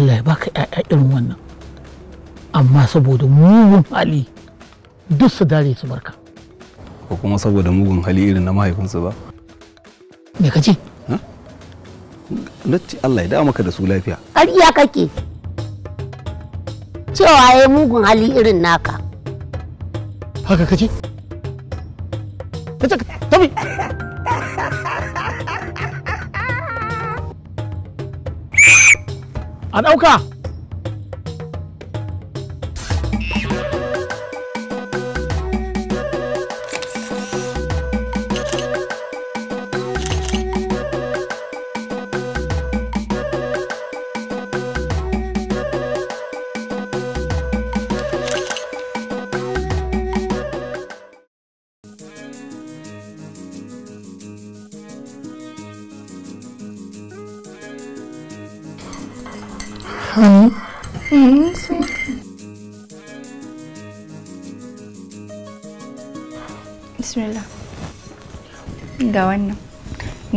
Allah ya baka ƴaƴa irin wannan amma saboda mugun hali duk su dare su barka ko kuma saboda mugun hali irin na mahaifinsu ba me ka ce Lati Allah ya da maka da su lafiya iya kake cewa ya mugun hali irin naka haka kace a ɗauka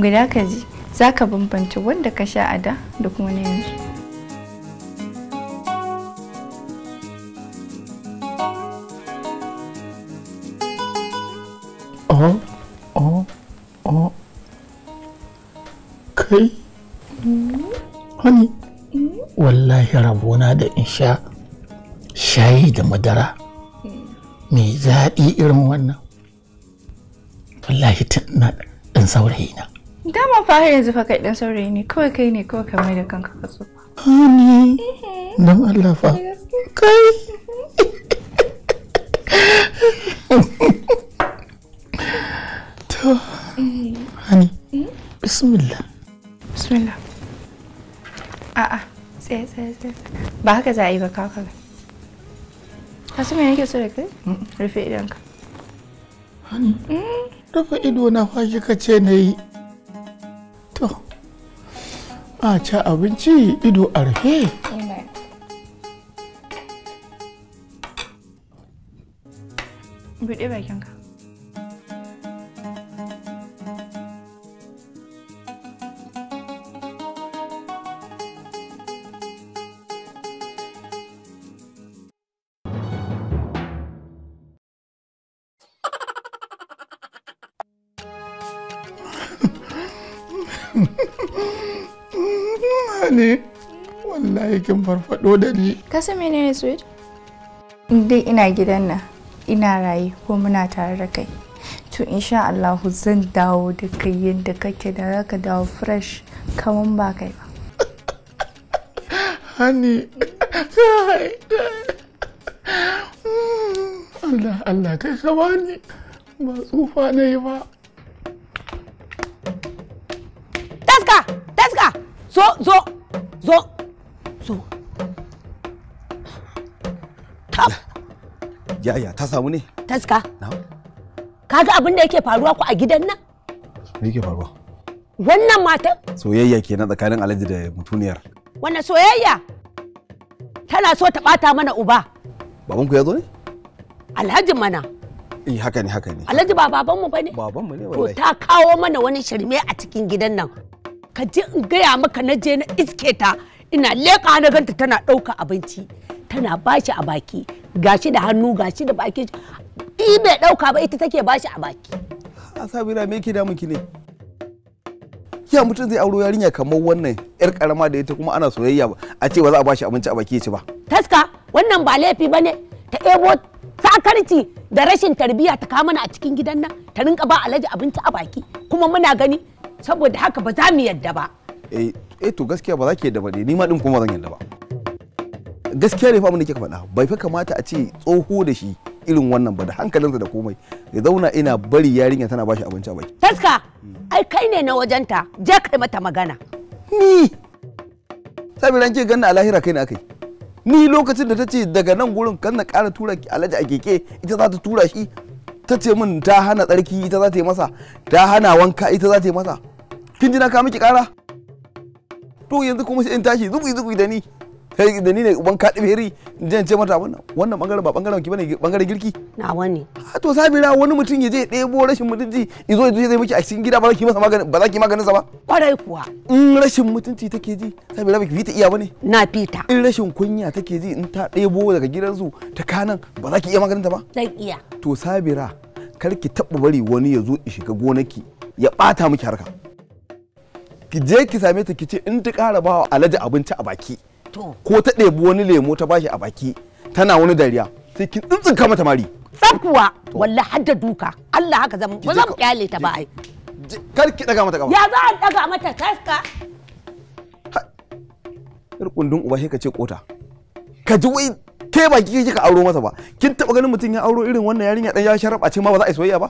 guda ka ji za ka bambanci wanda ka sha a da da kuma na yanzu kai hani wallahi rabona da in sha shayi da madara mai zaɗi irin wannan wallahi tun na ɗan saurayi na Dama fa har yanzu fa kai dan saurayi ne kawai kai ne kawai mai da kanka ka so. Ani Dan Allah fa kai. To Ani eh? bismillah. Bismillah. A'a tsaye tsaye tsaye ba haka za a yi ba kaka. Kasu me nake so da kai? Rufe idanka. Ani. Eh? Rufe ido na fashi ka ce na yi. to a ci abinci ido a rufe buɗe bakinka cikin farfado da ni ka san menene sweet dai ina gidan nan ina raye ko muna tare da kai to insha Allah zan dawo da kai yadda kake da zaka dawo fresh kaman ba kai ba hani Allah Allah kai kama ni ba tsufa na yi ba taska taska zo zo zo so ya, ta samu ne taska kaga abin da yake faruwa ku a gidan nan me yake faruwa wannan mata soyayya ke na tsakanin alhaji da mutuniyar wannan soyayya tana so ta bata mana uba baban ku ya zo ne alhaji mana eh haka ne haka ne alhaji ba baban mu bane baban mu ne wallahi to ta kawo mana wani shirme a cikin gidan nan ka je in gaya maka na je na iske ta ina leƙa na ganta tana ɗauka abinci tana bashi a baki gashi da hannu gashi da baki i bai ɗauka ba ita take bashi a baki a sabira me yake damun ki ne ya mutum zai auro yarinya kamar wannan yar karama da ita kuma ana soyayya ba a ce ba za a bashi abinci a baki ya ci ba taska wannan ba laifi bane ta ebo sakarci da rashin tarbiyya ta kama a cikin gidan nan ta rinka ba alhaji abinci a baki kuma muna gani saboda haka ba za mu yadda ba eh eh to gaskiya ba za ki yadda ba ne ni ma din kuma zan yadda ba gaskiya ne fa abin da kika faɗa bai fa kamata a ce tsoho da shi irin wannan ba da hankalinsa da komai ya zauna ina bari yarinya tana bashi abinci a baki taska ai kai ne na wajenta je kai mata magana ni sabiran ke ganna a lahira kai ne akai ni lokacin da ta ce daga nan gurin kan na ƙara tura alhaji a keke ita za ta tura shi ta ce min ta hana tsarki ita za ta yi masa ta hana wanka ita za ta yi masa kin ji na ka miki ƙara to yanzu kuma sai in tashi zubi zubi da ni kai da ni ne uban kaɗi beri jan ce mata wannan wannan bangaren ba bangaren ki bane bangaren girki na wani a ah, to sabira wani mutum ya je ya ɗebo rashin mutunci in zo zai miki a cikin gida ba za ki masa maganin ba za ki maganin sa ba kwarai kuwa in rashin mutunci take ji sabira ba ki fita iya bane na fita in rashin kunya take ji in ta ɗebo daga gidansu ta kanan ba za ki iya maganin ta ba zan iya to sabira kar ki taɓa bari wani ya zo ya shiga gonaki ya ɓata miki harka ki je ki same ta ki ce in ta ƙara wa alaji abinci a baki ko ta ɗebi wani lemo ta bashi a baki tana wani dariya sai ki kama ta mari tsaf walla hadda duka Allah haka zan ba zan kyale ta ba ai kar ki daga mata kama. ya za a daga mata kaska yar kundin uba sai ka ce kota ka ji wai ke ba kike kika auro masa ba kin taba ganin mutum ya auro irin wannan yarinya dan ya sharaba ce ma ba za a yi soyayya ba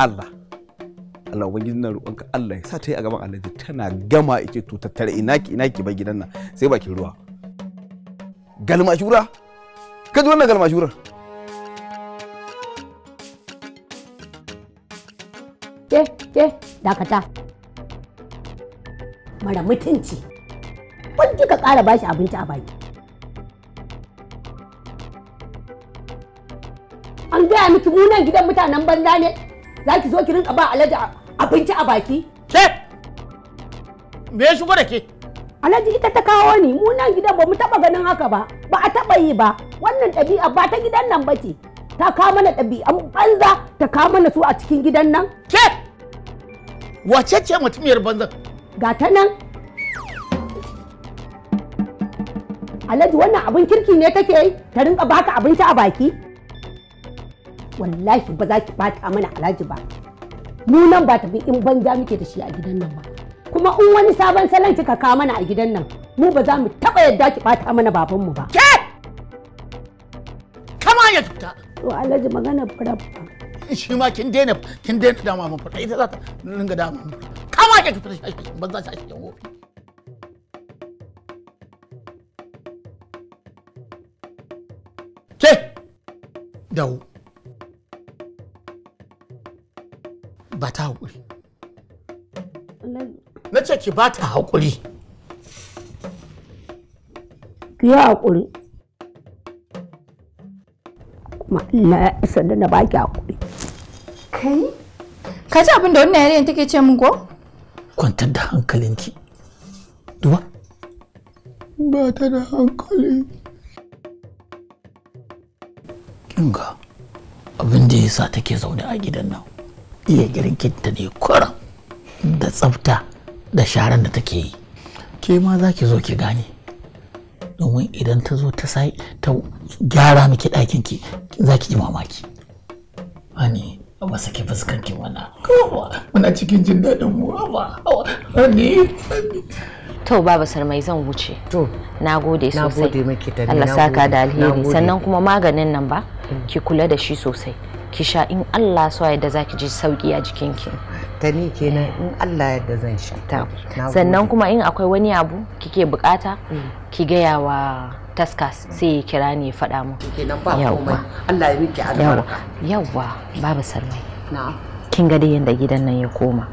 Allah Allah ubangiji na roƙonka Allah ya sa ta yi a gaban Allah tana gama ake to tattare ina ki ina ki ba gidan nan sai bakin ruwa galma shura ka ji wannan galma shurar ke ke dakata mara mutunci wani kika ƙara bashi abinci a baki an gaya miki munan gidan mutanen banza ne za ki zo ki rinka ba alaji abinci a baki ke me ya shigo da ke alhaji ita ta kawo ni mu nan gidan ba mu taba ganin haka ba ba a taba yi ba wannan ɗabi'a ba ta gidan nan ba ce ta kawo mana ɗabi'an banza ta kawo mana su a cikin gidan nan ke wace ce mutumiyar banza ga ta nan alhaji wannan abin kirki ne take yi ta rinka baka abinci a baki wallahi ba za ki bata mana alhaji ba mu nan ba tafi in banza muke da shi a gidan nan ba kuma in wani sabon salon kika kawo mana a gidan nan mu ba za mu taba yadda ki bata mana babanmu ba ke kama ya tuta to alhaji magana fara shi ma kin daina kin daina dama mun fara ita za ta ringa dama mun kama ya tuta banza shi yan gobe ke dawo ba ta haƙuri na ce ki ba ta haƙuri ki yi haƙuri kuma Allah ya isa da na baki haƙuri kai ka ji abin da wannan yare take ce min ko kwantar da hankalinki duba ba ta da hankali kinga abin da ya sa take zaune a gidan nan iya girkinta ne kuran da tsafta da sharan da take yi ke ma za ki zo ki gane domin idan ta zo ta sai ta gyara miki ɗakin ki za ki ji mamaki hani ba sake fuskan ki wana muna cikin jin daɗin mu ba hani to baba sarmai zan wuce to na gode sosai Allah saka da alheri sannan kuma maganin nan ba hmm. ki kula da shi sosai ki sha in Allah so yadda za ki ji sauki a jikinki ta ni kenan in Allah yadda zan sha sannan kuma in akwai wani abu kike bukata mm. ki gaya wa taskas mm. sai ya kira ni faɗa mu yawwa Allah ya miki albarka yawwa babu sarmai kin ga dai yanda gidan nan ya koma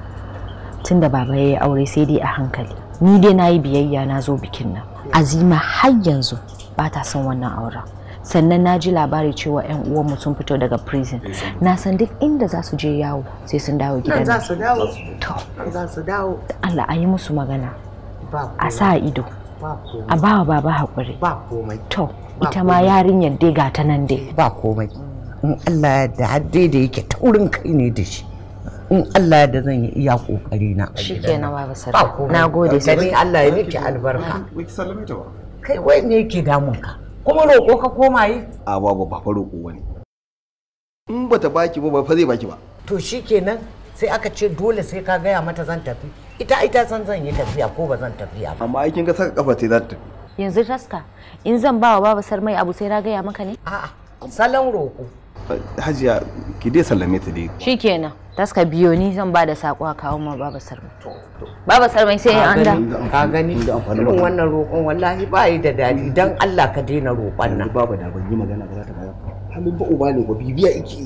tunda baba yayi aure sai dai a hankali ni dai na yi biyayya na zo bikin nan azima har yanzu Bata son wannan auren sannan na ji labari cewa 'yan uwanmu sun fito daga prison eh, na san duk inda za su je yawo sai sun dawo gidan za su dawo to za su dawo Allah a yi musu magana a sa ido a ba wa baba hakuri ba komai to ita ma yarinyar dai ga ta nan dai eh, ba komai in Allah da hadde da yake taurin kai ne da shi in Allah da zan yi iya kokari na shikenan baba sarki na gode sai Allah ya miki albarka kai wai me yake damun ka kuma roƙo ka koma yi a babu ba fa roƙo wani in ta baki ba ba fa zai baki ba to shikenan sai aka ce dole sai ka gaya mata zan tafi ita ita san zan yi tafiya ko ba zan tafiya ba amma aikin ka saka kafa sai za ta tafi yanzu raska in zan ba wa baba sarmai abu sai na gaya maka ne a'a salon roƙo hajiya ki dai sallame ta dai shikenan taska biyo ni zan ba da sako a kawo ma baba sarmai baba sarmai sai an da ka gani irin wannan roƙon wallahi ba yi da dadi mm. dan Allah ka daina roƙon nan baba da ban yi magana ba za ta bayar halin ba uba ne ba bibiya yake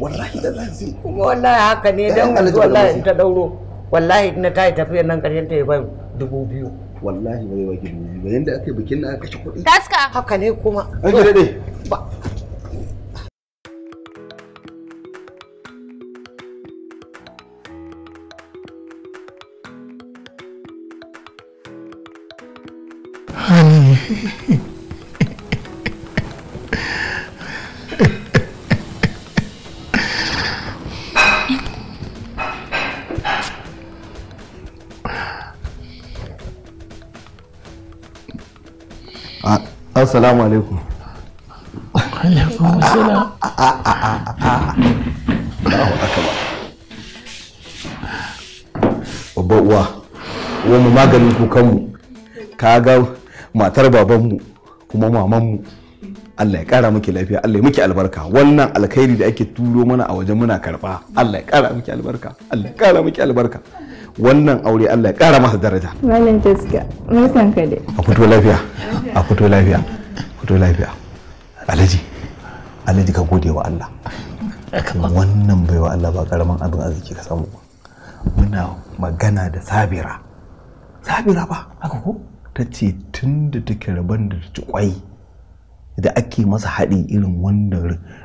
wallahi da lazi kuma wallahi haka ne dan wallahi ta dauro wallahi na ta yi tafiyar nan karshen ta yi ba dubu biyu wallahi ba zai baki dubu ba yanda aka yi bikin na aka ci kuɗi taska haka ne kuma an ji dai Assalamu alaikum. Alaikum Babba uwa, uwa mu maganin kukanmu. Ka ga matar babanmu kuma mamanmu Allah ya kara muke lafiya Allah ya muke albarka wannan alkhairi da ake turo mana a wajen muna karba Allah ya kara muke albarka Allah ya kara muke albarka wannan aure Allah ya kara masa daraja malam taska mun san ka dai a fito lafiya a fito lafiya fito lafiya alaji alaji ka gode wa Allah wannan bai wa Allah ba karaman abin arziki ka samu muna magana da sabira sabira ba haka ko ta ce tun da take rabon da ci kwai da ake masa haɗi irin wanda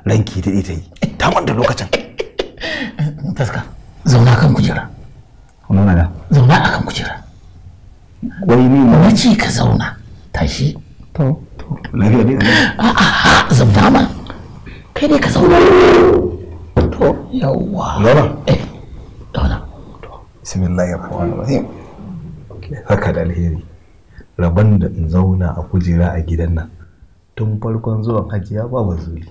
ranki ta ta yi eh, ta wanda lokacin taska zauna kan kujera zauna a kan kujera wai ne ma ce ka zauna tashi to to lafiya ne a a zauna ma kai ne ka zauna to yawwa zauna eh zauna bismillahir rahmanir rahim haka da alheri rabon da in zauna a kujera a gidan nan tun farkon zuwan hajiya ba bazuli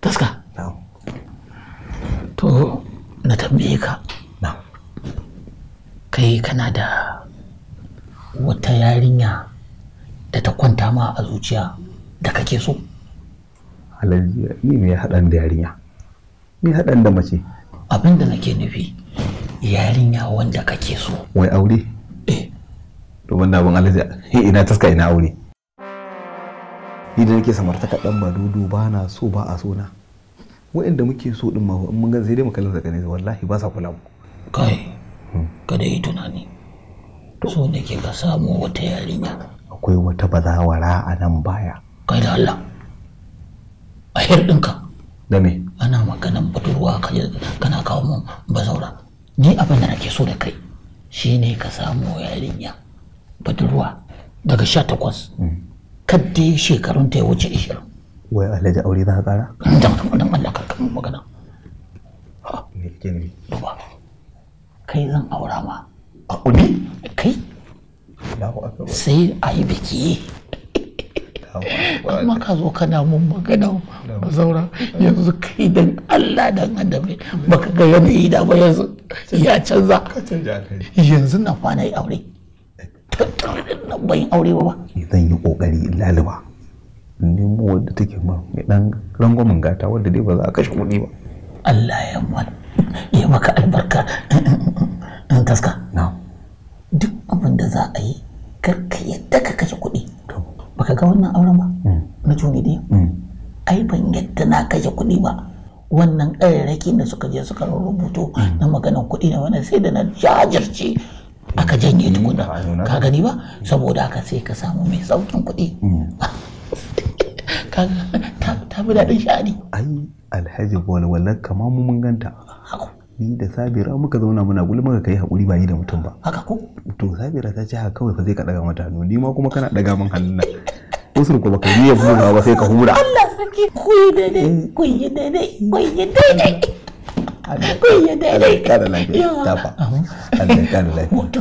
taska to na tambaye ka kai kana da wata yarinya da ta kwanta ma a zuciya da kake so alhaji ni mai haɗan da yarinya ni haɗan da mace abinda nake nufi yarinya wanda kake so wai aure eh domin na bin alaji ina taska ina aure ni da nake samartaka dan madudu ba na so ba a so na wa'anda muke so din ma in mun ga sai dai mu kallon zakane wallahi ba sa kula mu kai hmm. kada yi tunani so nake ka samu wata yarinya akwai wata bazawara a nan baya kai da Allah a hir dinka. da me ana maganan budurwa kana kawo mun bazaura ni abin da nake so da kai shine ka samu yarinya budurwa daga sha takwas kaddi shekarun ta ya wuce ishirin wai alhaji aure za ka kara dan Allah karkar magana ah, me duba kai zan aura ma a kudi kai sai a yi biki amma ka zo kana mun magana ba zaura yanzu kai dan Allah dan annabi baka ga yanayi da ba yanzu ya canza yanzu na fa na yi aure ban aure ba zan yi kokari laluwa nemo wadda take ma mai dan rangwamin gata wadda dai ba za a kashe kuɗi ba Allah ya mal ya maka albarka in taska na duk abin da za a yi kar ka yadda ka kashe kuɗi baka ga wannan auren ba mm. na juni dai mm. ai ban yadda na kashe kuɗi ba wannan ɗayarrakin da suka je suka rubuto mm. na maganin kuɗi na wannan sai da na jajirce aka janye mm. tukuna ka gani ba saboda haka sai ka samu mai saukin kuɗi mm. ta fi daɗin sha'ani ai alhaji walwalar kama mu mun ganta ni da sabira muka zauna muna gulma muka kai hakuri ba yi da mutum ba haka ko to sabira ta ce haka kawai fa zai ka ɗaga mata hannu ni ma kuma kana ɗaga min hannun nan usur kuma ka yi buga ba sai ka hura Allah sarki ku yi daidai eh. ku yi daidai ku yi daidai ku yi daidai kada lafiya tafa Allah kada lafiya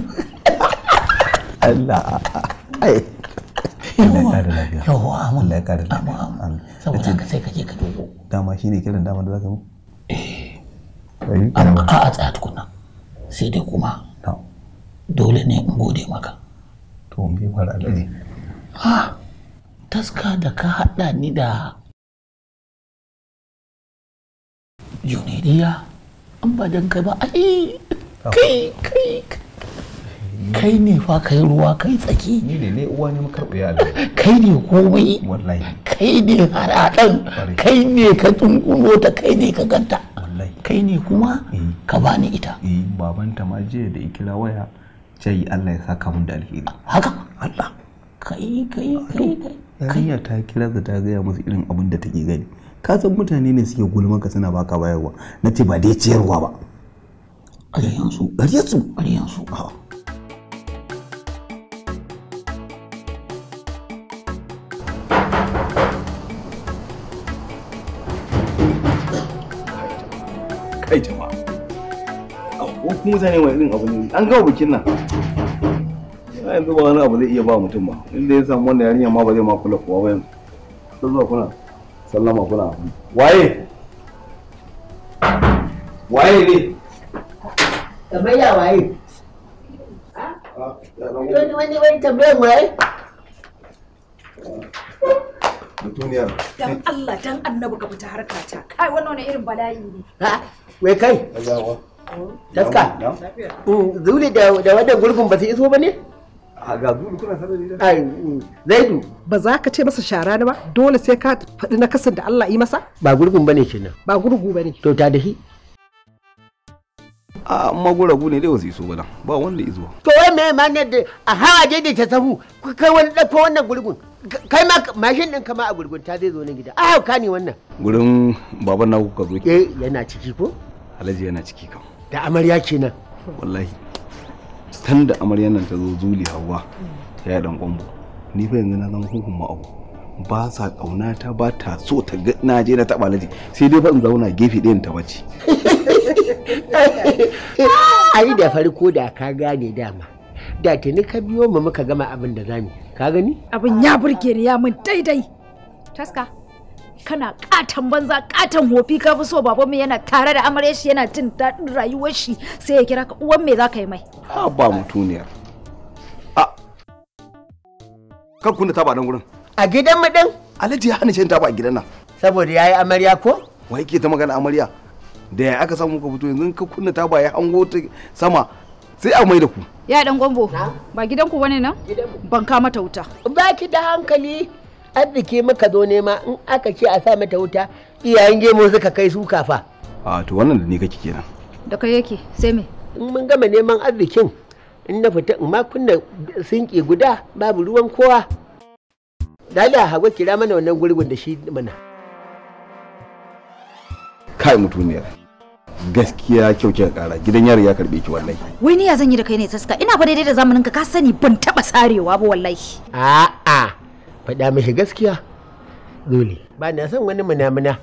Allah ai yawwa amin Allah kada lafiya amin saboda haka sai ka je ka dogo dama shine kiran dama da zaka mu eh a a tsaya tukuna sai dai kuma dole ne in gode maka to me fara alai ah taska da ka haɗa ni da juniriya an ba don kai ba ai kai kai kai ne fa kai ruwa kai tsaki ni ne ne uwa ne makarɓiya kai ne komai wallahi kai ne haraɗan kai ne ka tunkuro ta kai ne ka ganta kai ne kuma eh. ka bani ita eh, babanta ma jiya da ikila waya ce Allah ya saka mun da alheri haka Allah kai kai kai kai yarinya ta kira ta ta gaya musu irin abin da take gani ka san mutane ne suke gulma ka suna baka bayarwa na ce ba dai ciyarwa ba ƙaryansu ƙaryansu ƙaryansu kai jama'a ko kuma zane wani irin abu ne an gawa bikin nan yanzu ba wani abu zai iya ba mutum ba inda ya samu wannan yarinya ma ba zai ma kula kuwa ba yanzu sun zuwa kuna sallama kuna waye waye ne kamar waye wani wani tambayar waye duniya dan Allah dan annabi ka fita harka ta kai wannan wani irin bala'i ne ha wai kai taska mm, zule da wannan gurgun ba su iso ba ne ga zuru kuna sanar da ai zaidu ba za ka ce masa shara ne ba dole sai ka faɗi na kasar da Allah yi masa ba gurgun bane kenan ba gurgu bane to ta dahi a amma gura ne dai wasu iso bala ba wanda izo to wai me ma ne da a hawa je da ta sahu kai wani dafa wannan gurgun kai ma mashin din kama a gurgun ta zai zo nan gida a ka ne wannan gurin baban na kuka zo eh yana ciki ko alhaji yana ciki kam da amarya kenan wallahi tanda da nan ta zo zuli hawa ta dan gombo ni fa yanzu na zama hukun ma'abu ba sa kauna ta ba ta so ta ga na je na taba laji sai dai fa in zauna gefe ɗayan ta bace ai da farko da ka gane dama da tuni ka biyo mu muka gama abin da zamu ka gani abin ya burge ni ya mun daidai taska kana katan banza katan hofi ka fi so baban mu yana tare da amarya shi yana jin daɗin rayuwar shi sai ya kira ka uwan me za ka yi mai ha ba mutuniya a kar kunna taba nan gurin a gidan mu din alhaji ya hana shan taba a gidan nan saboda yayi amarya ko wai ke ta magana amarya da ya aka samu ka fito yanzu ka kunna taba ya hango ta sama sai a mai da ku ya dan gombo ba gidan ku bane nan ban ka mata wuta ba ki da hankali arziki muka zo nema in aka ce a sa mata wuta iyayen gemu suka kai su kafa a to wannan da ni kake kenan da kai yake sai me in mun gama neman arzikin in na fita in ma kunna sinki guda babu ruwan kowa Dala hago kira mana wannan gurgun da shi mana. Kai mutuniyar. Gaskiya kyau kika kara gidan yari ya karbe ki wallahi. Wai ni ya zan yi da kai ne saska ina fa daidai da zamanin ka ka sani ban taba sarewa ba wallahi. A'a. faɗa mishi gaskiya dole ba na son wani munamuna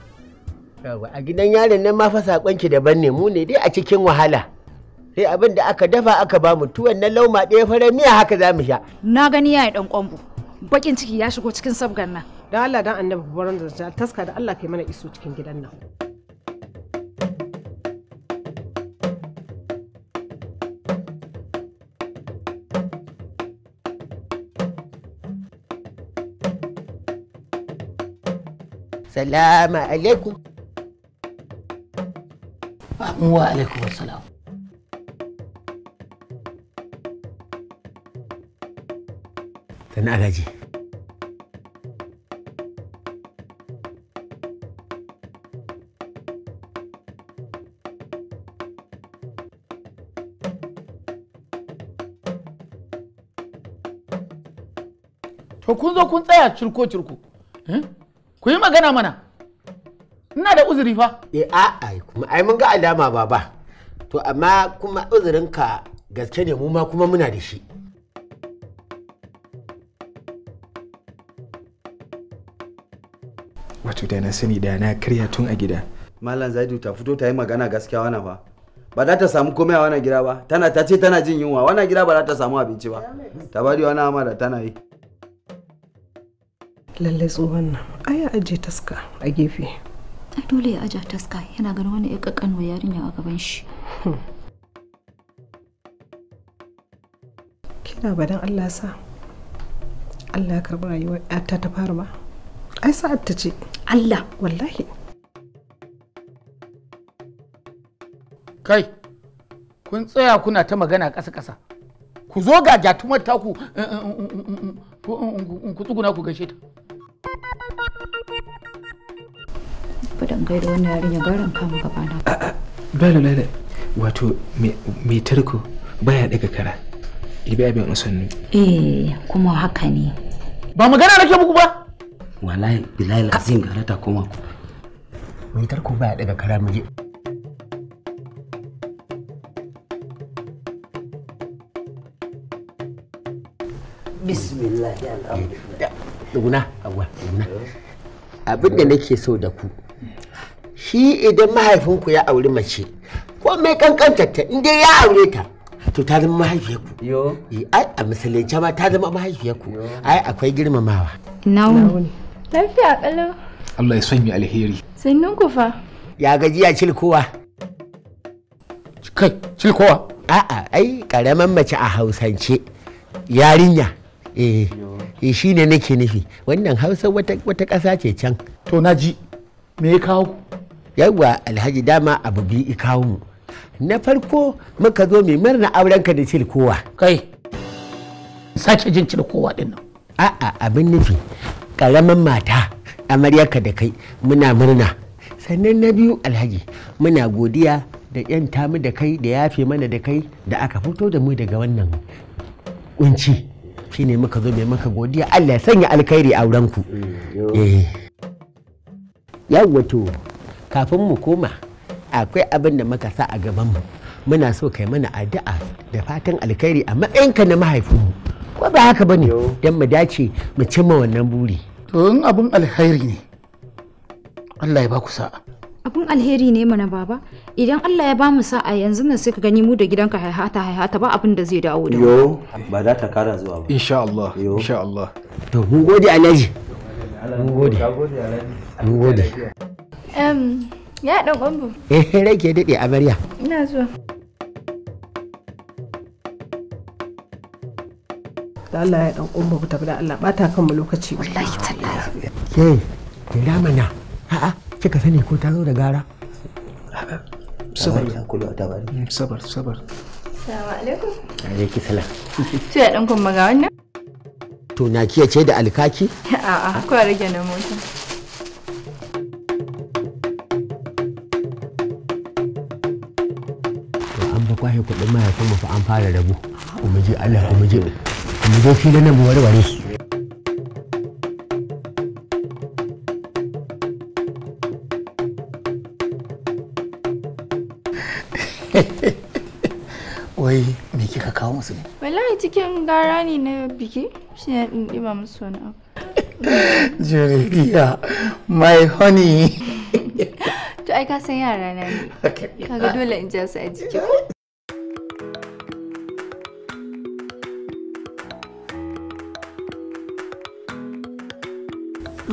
a gidan yaron nan ma fa sakonki daban ne mu ne dai a cikin wahala sai abin da aka dafa aka ba mu tuwon na lauma ɗaya fara miya haka za mu sha na gani yayi ɗan kwambo baƙin ciki ya shigo cikin sabgan nan dan Allah dan annabi baran da taska da Allah kai mana iso cikin gidan nan سلام عليكم وعليكم السلام تنال اجي تكون تكون تكون تكون تكون ku yi magana mana ina da uzuri fa eh a'a kuma ai mun ga alama baba to amma kuma uzurinka gaske ne mu ma kuma muna da shi wato da na sani da na karya tun a gida malam zaidu ta fito ta yi magana gaskiya wana fa ba za ta samu komai a wannan gida ba tana ta ce tana jin yunwa wannan gida ba za ta samu abinci ba ta bari wani amara tana yi lallai tsohon nan aya ya aje taska a gefe ai dole ya aje taska yana ganin wani ya kakkano yarinya a gaban shi hmm. kina badan Allah sa Allah ya karɓi rayuwar ta ta fara ba ai sa'ad ta ce Allah wallahi kai kun tsaya kuna ta magana ƙasa-ƙasa ku zo ga jatumar taku ku tsuguna ku gaishe ta bari in gaida wannan yarinya garin kama gaba na dole dole wato mai tarko baya daga kara ibi abin usannu eh kuma haka ne ba magana nake muku ba wallahi Bilal azim gara ta koma ku mai tarko baya daga kara mu bismillah ya Allah eh, Duguna, abuwa, duguna eh. abin da nake so da ku shi idan mahaifinku ya auri mace ko mai kankanta ta inda ya aure ta to ta zama mahaifiyarku yo eh, ai a musulunci ma ta zama mahaifiyarku ai akwai girmamawa nauni wuni lafiya kallo Allah ya sanya alheri sannan ku fa ya gajiya cilkowa kai cilkowa a'a ai karaman mace a hausance yarinya eh, eh shi ne nake nufi wannan hausa wata ƙasa ce can to naji me ya kawo yawwa alhaji dama abu biyu kawo mu na farko muka zo mai murna aurenka da cirkowa kai sake jin cirkowa din nan a'a abin nufi karamin mata amaryarka da kai muna murna sannan na biyu alhaji muna godiya da yan tamu da kai da yafe mana da kai da aka fito da mu daga wannan kunci shine muka zo mai maka godiya Allah ya sanya alkhairi aurenku mm, eh to. kafin mu koma akwai abin da muka sa a gaban mu muna so kai mana addu'a da fatan alkhairi a matsayinka na mahaifinmu ko ba haka bane dan mu dace mu cimma wannan buri to in abin alkhairi ne Allah ya ba ku sa'a abin alheri ne mana baba idan Allah ya ba mu sa'a yanzu nan sai ka gani mu da gidanka haihata haihata ba abin da zai dawo da yo ba za ta kara zuwa ba insha Allah insha Allah to mun gode Alhaji mun gode mun gode ya ɗan kwambo. Ehe rai ke daɗe bariya. Ina zuwa. Da Allah ya ɗan kwambo ku tafi da Allah ta kan mu lokaci. Wallahi tallahi. Ke, da mana. A'a, kika sani ko ta zo da gara? Sabar. Sabar, sabar. Assalamu alaikum. Alaikum salam. Sai ya dan kwambo ga wannan? To na kiyace da alkaki? A'a, ko rage na mota. kwaye kuɗin mahaifin mu fa an fara rabu kuma je Allah kuma je kuma je filin nan mu warware wai me kika kawo musu ne wallahi cikin gara ne na biki shi ne din diba musu wani abu juridiya my honey to ai ka san yara na ne kaga dole in ji su a jiki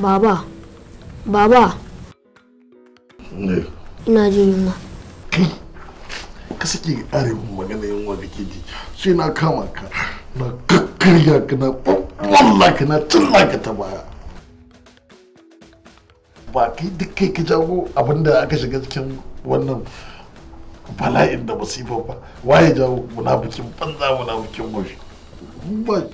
Baba, baba. Ne. Ina jin yunwa. Ka sake ƙare mun magana yunwa da ke ji sai na kama ka na kakkarya ka na ɓaɓɓalla ka na cilla ka ta baya. Ba kai duk kai ka jago abinda aka shiga cikin wannan bala'in da musibar ba waye muna munafikin banza munafikin goshi. Ba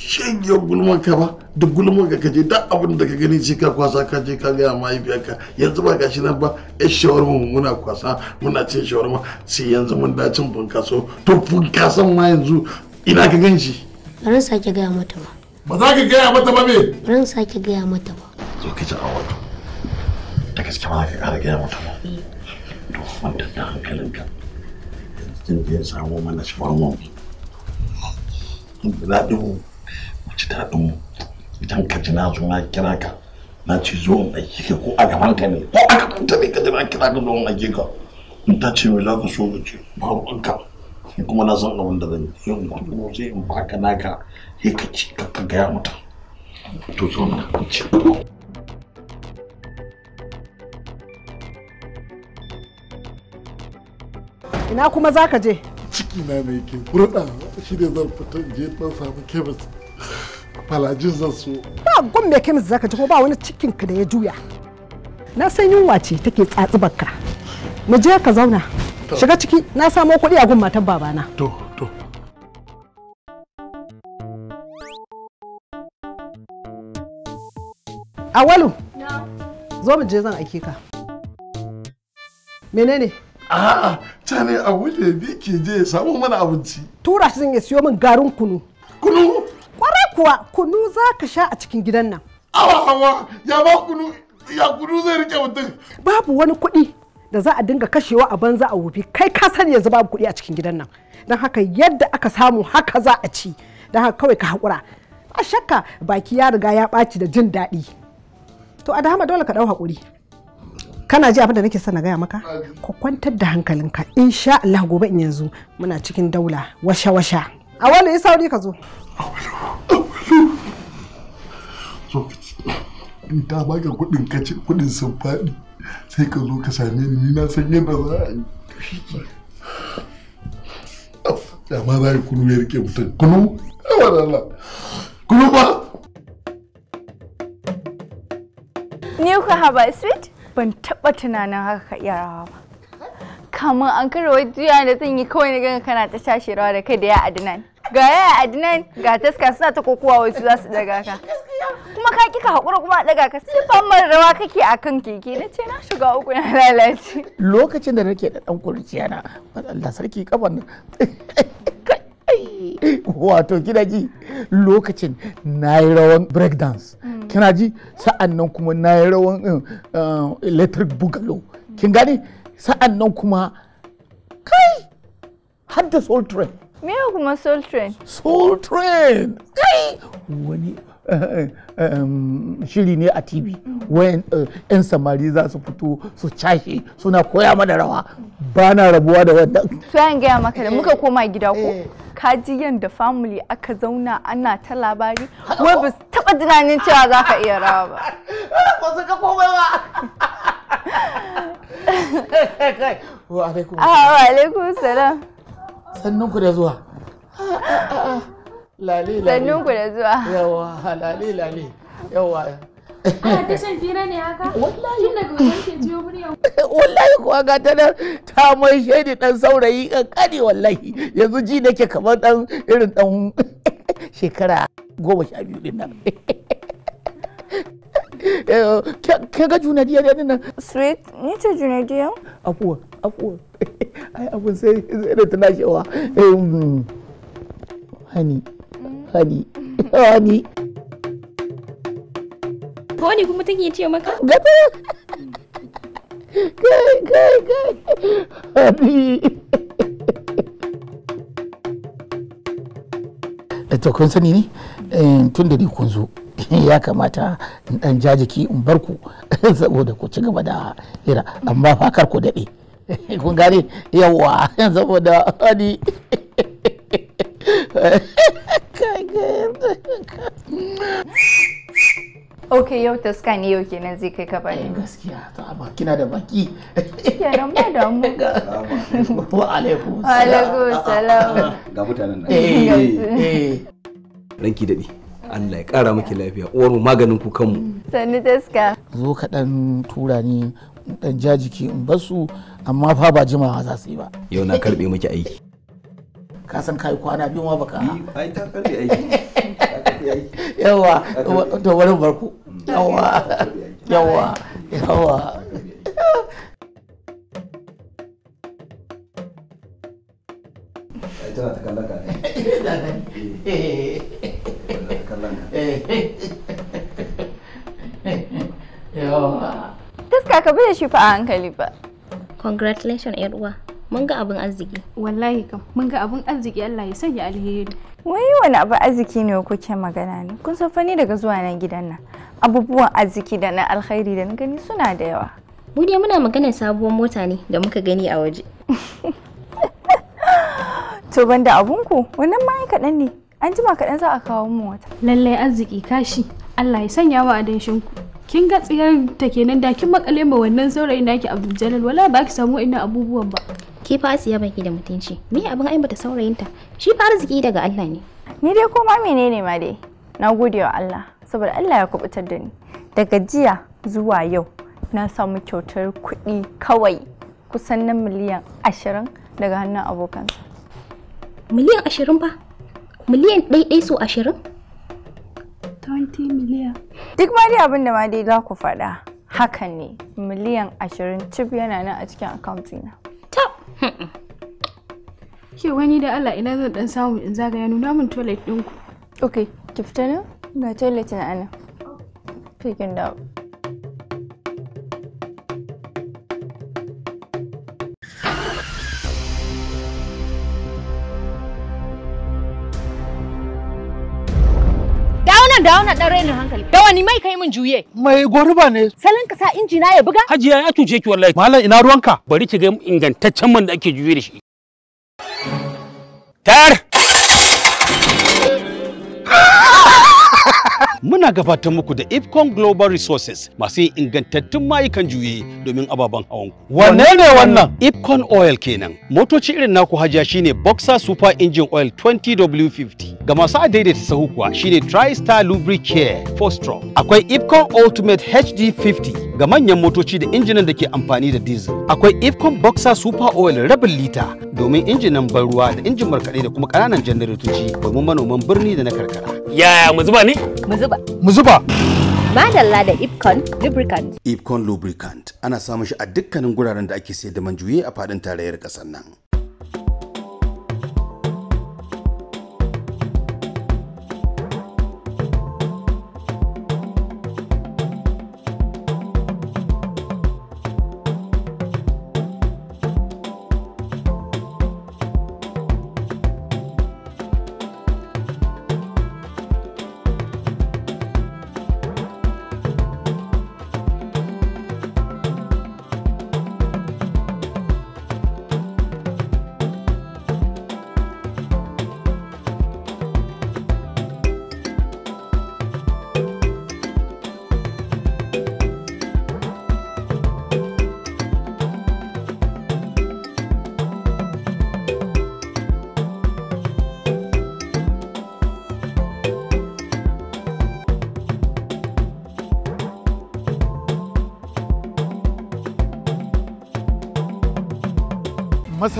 shege gulman ka ba duk gulman ka kaje duk abin da ka gani sai ka kwasa ka je ka ga mahaifiyarka yanzu ba gashi nan ba yan shawarma muna kwasa muna cin shawarma sai yanzu mun da cin bunkaso to bunkasan ma yanzu ina ka gan shi bari sake gaya mata ba ba za ka gaya mata ba me bari sake gaya mata ba zo ka ji wato da gaske ma ka ga gaya mata ba to wanda da hankalinka yanzu ya samu mana shawarma mu daɗin ji daɗin idan ka ji na zo na kira ka na ce zo in aiki ka ko a gaban ka ne ko a gaban ta ne ka ji na kira ka zo in aiki ka in ta ce mai za so ce babu an ka kuma na san abin da zan yi yin kudu sai in baka naka sai ka ci ka gaya mata to zo na ku ci ina kuma za ka je ciki na mai ke burɗa shi ne zan fita je ɗan samu kemis falajin zan so ba gwam mai kemis zaka ji ko ba wani cikinka da ya juya na san yunwa ce take tsatsibar ka mu je ka zauna shiga ciki na samo kuɗi a gun matan babana to to awalu zo mu je zan aike ka menene a'a ta ne a wuce bi ke je ya samu mana abinci tura shi zan ya siyo min garin kunu kunu kuwa kunu za ka sha a cikin gidan nan. Awa awa ya ba kunu ya kunu zai rike mutum. Babu wani kuɗi da za a dinga kashewa a banza a wufi kai ka sani yanzu babu kuɗi a cikin gidan nan. Dan haka yadda aka samu haka za a ci don haka kawai ka haƙura. A shakka baki ya riga ya ɓaci da jin daɗi. To a dole ka ɗau hakuri. kana ji abin da nake son na gaya maka ku kwantar da hankalinka insha Allah gobe in yanzu muna cikin daula washa washa a wani sauri ka zo in ta baka kudin kaci kudin sun faɗi sai ka zo ka same ni na san yadda za a yi dama za yi kunu ya rike mutum kunu yawa Allah kunu ba ni ku haba sweet ban taɓa tunanin haka yarawa ba kama an kare wai juya da zan yi kawai na ganga kana ta shashe rawa da kai da ya adinan Ga ya adinan ga taska suna ta kokowa wasu za su daga ka. Kuma ka kika haƙura kuma a daga ka sifan famar rawa kake a kan keke na ce na shiga uku na lalace. Lokacin da nake da ɗan kurciya na Allah sarki kafan nan. Wato kina ji lokacin na yi rawan Kina ji sa'an nan kuma na yi rawan electric bugalo. Kin gani sa'an nan kuma kai har da soul train me kuma soul train soul train kai wani eh, eh, shiri ne a tv wayan yan eh, samari za su fito su cashe suna koya mana rawa ba na rabuwa da wannan tuyan gaya maka da muka koma gida ko kaji yadda family aka zauna ana ta labari wai ba su taba tunanin cewa za ka iya rawa ba ba su ka komai ba wa alaikum ah, wa alaikum sannun ku da zuwa ah, ah, lale lale sannun ku da zuwa yawa lale lale yawa Ana ta shan fira ne haka? Wallahi. Tun daga wajen ke jiyo muryan. Wallahi kuwa ga ta nan ta mai shaidi dan saurayi kankani wallahi. Yanzu ji nake kamar dan irin dan shekara goma sha biyu din nan. kaga juna junadiyar yadda nan sweet ni ce junadiyar afuwa afuwa ai abun sai da tana shewa hani hani hani ko ne kuma take ce maka gaba kai kai kai hani to kun sani ne tun da ni kun zo ya kamata in dan jajiki in bar ku saboda ku ci gaba da hira amma fakar ku daɗe kun gane yawa saboda wani ok yau taska ne yau kenan zai kai ka ne eh, gaskiya ta ba kina da baki kenan ba da mu wa alaikum salam ga mutanen nan eh eh ranki dadi Allah ya kara miki lafiya uwar mu maganin ku kanmu sanni taska zo ka dan tura ni dan jajiki in basu amma fa ba jimawa za su yi ba yau na karbe miki aiki ka san kai kwana biyu ma baka ai ta karbe aiki yawa to wani barku yawa yawa yawa tana ta kallaka ne yawa ka bi shi fa a hankali ba congratulations yar uwa mun ga abin arziki wallahi kam mun ga abin arziki Allah ya sanya alheri wai wani abin arziki ne kuke magana ne kun san fani daga zuwa nan gidan nan abubuwan arziki da na alheri da na gani suna da yawa mu dai muna maganar sabuwar mota ne da muka gani a waje to banda abunku wannan ma ne An jima kaɗan za a kawo mu wata. Lallai arziki kashi. Allah ya sanya wa a shinku. Kin ga tsiyar ta kenan da kin makale ma wannan saurayin naki Abdul Jalal wala ba ki samu ina abubuwan ba. Ki fa Asiya baki da mutunci. Me abin saurayin ta Shi fa arziki daga Allah ne. Ni dai koma menene ma dai. Na gode wa Allah saboda Allah ya kubutar da ni. Daga jiya zuwa yau na samu kyautar kuɗi kawai kusan na miliyan ashirin daga hannun abokansa. Miliyan ashirin ba? Miliyan ɗai so ashirin? 20 miliyan. Duk ma dai abin da ma dai za ku faɗa hakan ne miliyan ashirin cif yana nan a cikin akwantina. Ta! Ke wani da Allah ina zan ɗan samu in ya nuna min toilet ɗinku. Ok, ki fita nan? Ga toilet na ana. Fikin abu. wannan da wannan dan rainin hankali. Da wani mai kai min juye. Mai gurba ne. Salon ka sa inji ya buga? Hajiya ya tuce ki wallahi. Malam ina ruwanka? Bari ki ga ingantaccen man da ake juye da shi. Tayar! muna gabatar muku da Ipcon Global Resources masu yin ingantattun mayukan juye domin ababen hawan ku. Wane ne wannan? Ipcon Oil kenan. Motoci irin naku hajiya shine Boxer Super Engine Oil 20W50. Ga masu adaidaita sahu kuwa shine TriStar Lubricare for Stroke. Akwai Ipcon Ultimate HD50 ga manyan motoci da injinan da ke amfani da diesel. Akwai Ipcon Boxer Super Oil rabin lita domin injinan ban ruwa da injin markaɗe da kuma ƙananan janaratoci domin manoman birni da na karkara. Yaya mu zuba ne? Mu zuba. Mu zuba. Madalla da Ipcon Lubricant. Ipcon Lubricant ana samun shi a dukkanin guraren da ake sayar da man juye a faɗin tarayyar ƙasar nan.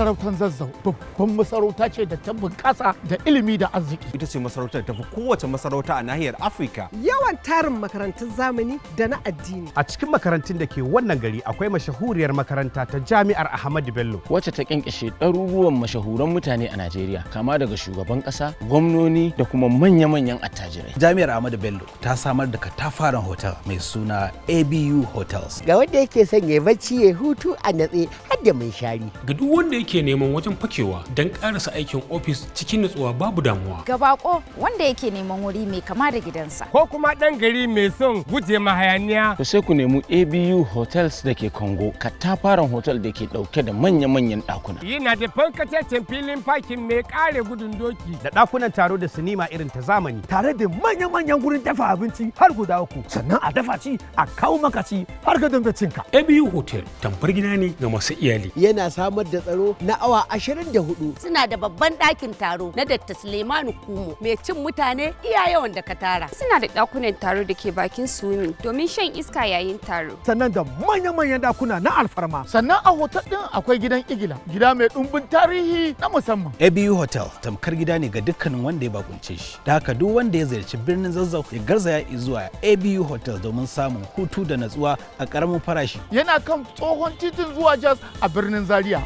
masarautar zazzau babban masarauta ce da ta bunƙasa da ilimi da arziki. Ita ce masarautar tafi kowace masarauta a nahiyar Afirka. Yawan tarin makarantun zamani da na addini. A cikin makarantun da ke wannan gari akwai mashahuriyar makaranta ta Jami'ar Ahmadu Bello. Wacce ta kyankyashe ɗaruruwan mashahuran mutane a Najeriya kama daga shugaban ƙasa, gwamnoni da kuma manya-manyan attajirai. Jami'ar Ahmadu Bello ta samar da katafaren hotel mai suna ABU Hotels. Ga wanda yake son ya bacci ya hutu a natse har da mai shari. Ga duk wanda ke neman wajen fakewa don karasa aikin ofis cikin nutsuwa babu damuwa. Ga bako wanda yake neman wuri mai kama da gidansa. Ko kuma ɗan gari mai son guje ma hayaniya. To sai ku nemi ABU Hotels da ke Congo, katafaren hotel da ke ɗauke da manya-manyan ɗakuna. Yana da fankataccen filin fakin mai kare gudun doki. Da dakunan taro da sinima irin ta zamani. Tare da manya-manyan gurin dafa abinci har guda uku. Sannan a dafa ci a kawo maka ci har ga dinga cinka. ABU Hotel tamfar gida ne ga masu iyali. Yana samar da tsaro na awa 24. Suna da babban ɗakin taro na Dr. Suleimanu Kumo mai cin mutane iya yawan da ka tara. Suna da ɗakunan taro da ke bakin suni domin shan iska yayin taro. Sannan da manya-manyan ɗakuna na alfarma. Sannan a hotel ɗin akwai gidan igila, gida mai ɗumbin tarihi na musamman. ABU Hotel tamkar gida ne ga dukkanin wanda ya bakunce shi. Da haka duk wanda ya ziyarci birnin Zazzau ya garzaya zuwa ABU Hotel domin samun hutu da natsuwa a ƙaramin farashi. Yana kan tsohon titin zuwa Jos a birnin Zaria.